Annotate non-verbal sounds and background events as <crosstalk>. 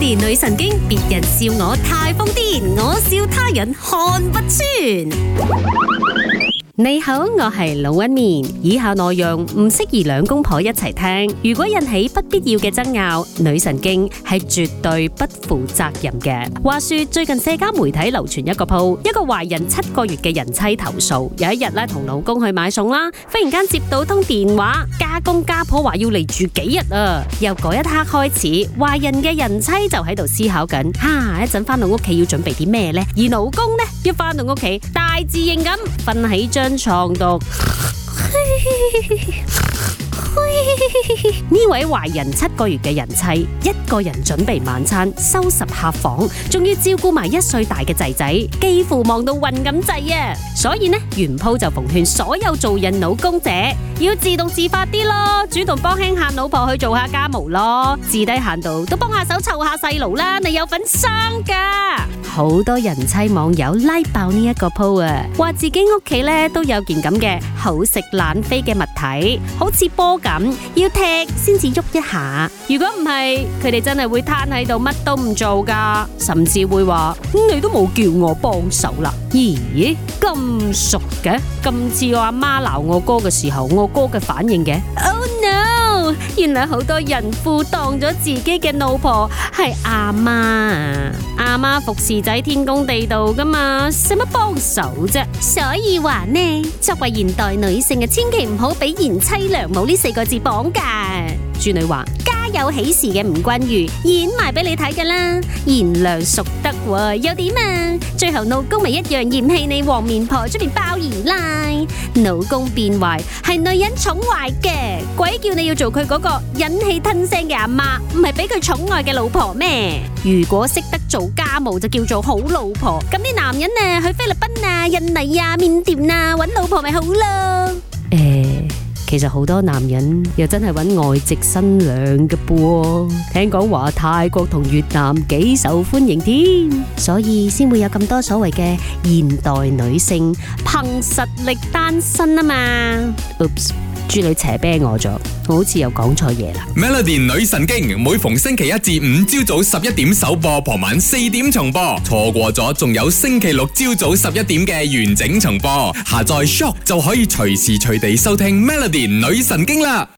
年女神經，別人笑我太瘋癲，我笑他人看不穿。你好，我係龍紋敏，以下內容唔適宜兩公婆一齊聽，如果引起不必要嘅爭拗，女神經係絕對不負責任嘅。話說最近社交媒體流傳一個鋪，一個懷孕七個月嘅人妻投訴，有一日咧同老公去買餸啦，忽然間接到通電話。家公家婆話要嚟住幾日啊！由嗰一刻開始，華人嘅人妻就喺度思考緊，「吓一陣翻到屋企要準備啲咩呢？」而老公呢，一翻到屋企，大自型大字型咁瞓喺張床度。 <laughs> <laughs> 呢 <laughs> 位懷孕七個月嘅人妻，一個人準備晚餐、收拾客房，仲要照顧埋一歲大嘅仔仔，幾乎忙到暈咁滯啊！所以呢，原鋪就奉勸所有做人老公者，要自動自發啲咯，主動幫輕下老婆去做下家務咯，自低限度都幫下手湊下細路啦！你有份生噶，好多人妻網友拉、like、爆呢一個鋪啊，話自己屋企咧都有件咁嘅好食懶飛嘅物體，好似波咁要。踢先至喐一下，如果唔係，佢哋真係會攤喺度，乜都唔做噶，甚至會話：咁你都冇叫我幫手啦？咦，咁熟嘅，咁似我阿媽鬧我哥嘅時候，我哥嘅反應嘅。原來好多人夫當咗自己嘅老婆係阿媽啊！阿媽服侍仔天公地道噶嘛，使乜幫手啫？所以話呢，作為現代女性嘅，千祈唔好俾賢妻良母呢四個字綁架。豬女話：家有喜事嘅吳君如演埋俾你睇噶啦，賢良淑德又點啊？最後老公咪一樣嫌棄你黃面婆出面包二奶，老公變壞係女人寵壞嘅。鬼叫你要做佢嗰個忍氣吞聲嘅阿媽，唔係俾佢寵愛嘅老婆咩？如果識得做家務就叫做好老婆。咁啲男人啊去菲律賓啊、印尼啊、緬甸啊揾老婆咪好咯？誒，其實好多男人又真係揾外籍新娘嘅噃。聽講話泰國同越南幾受歡迎添，所以先會有咁多所謂嘅現代女性憑實力單身啊嘛。朱女邪啤我咗，我好似又講錯嘢啦。Melody 女神經每逢星期一至五朝早十一點首播，傍晚四點重播，錯過咗仲有星期六朝早十一點嘅完整重播。下載 Shock 就可以隨時隨地收聽 Melody 女神經啦。